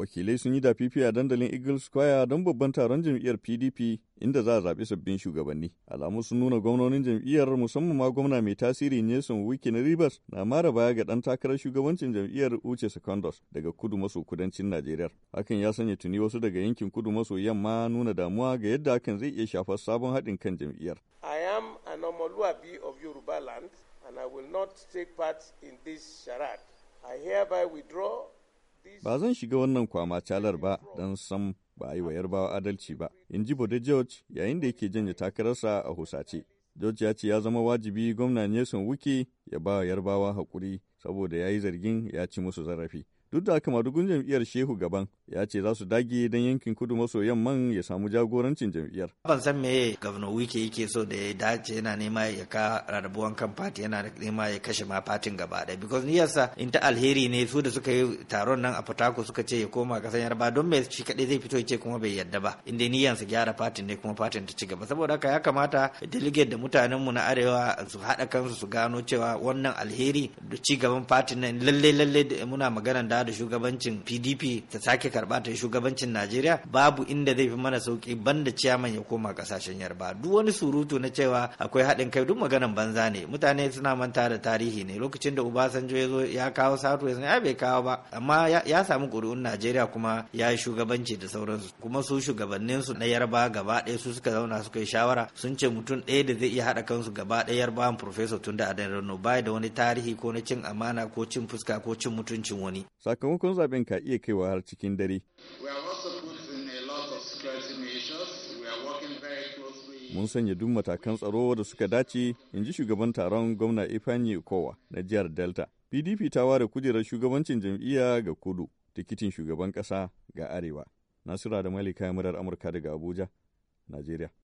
wakilai sun yi dafifi a dandalin Eagle Square don babban taron jam'iyyar PDP inda za a zaɓi sabbin shugabanni. Alamu sun nuna gwamnonin jam'iyyar musamman ma gwamna mai tasiri Nelson Wiki na Rivers na mara baya ga ɗan takarar shugabancin jam'iyyar Uche Secondos daga kudu maso kudancin Najeriya. Hakan ya sanya tuni wasu daga yankin kudu maso yamma nuna damuwa ga yadda hakan zai iya shafar sabon haɗin kan jam'iyyar. I am an Omoluabi of Yoruba land and I will not take part in this charade. I hereby withdraw Ba zan shiga wannan kwama calar ba don san ba a yi wa yarbawa adalci ba, in ji Bode George yayin da yake janye takararsa a husace. George ya ce ya zama wajibi gwamna Nelson Wuke ya ba yarbawa haƙuri saboda ya yi zargin ya ci musu zarafi. duk da haka madugun jam'iyyar shehu gaban ya ce za su dage don yankin kudu maso yamman ya samu jagorancin jam'iyyar ban san meye gavano wike yake so da ya dace yana nema ya ka rarrabuwan kan fati yana nema ya kashe ma fatin gaba ɗaya because niyarsa in ta alheri ne su da suka yi taron nan a fatako suka ce ya koma kasan yarba don me shi kaɗai zai fito ya ce kuma bai yadda ba inda niyansa gyara fatin ne kuma fatin ta ci gaba saboda haka ya kamata delegate da mutanen mu na arewa su haɗa kansu su gano cewa wannan alheri da ci gaban fatin nan lalle lalle muna magana da da shugabancin pdp ta sake karba ta shugabancin najeriya babu inda zai fi mana sauki banda ciyaman ya koma kasashen yarba duk wani surutu na cewa akwai haɗin kai duk maganan banza ne mutane suna manta da tarihi ne lokacin da obasanjo ya zo ya kawo sato ya ya bai kawo ba amma ya samu ƙuri'un najeriya kuma ya yi shugabanci da sauransu kuma su shugabannin su na yarba gaba ɗaya su suka zauna suka yi shawara sun ce mutum ɗaya da zai iya haɗa kansu gaba ɗaya yarba professor tunda adan rano baya da wani tarihi ko na cin amana ko cin fuska ko cin mutuncin wani Sakamakon zaben ka iya kaiwa har cikin dare. mun sanya duk matakan tsaro da suka dace in ji shugaban taron gwamna ifeanyi kowa na jihar delta pdp ta ware kujerar shugabancin jam'iyya ga kudu tikitin shugaban kasa ga arewa nasura da malika murar amurka daga abuja najeriya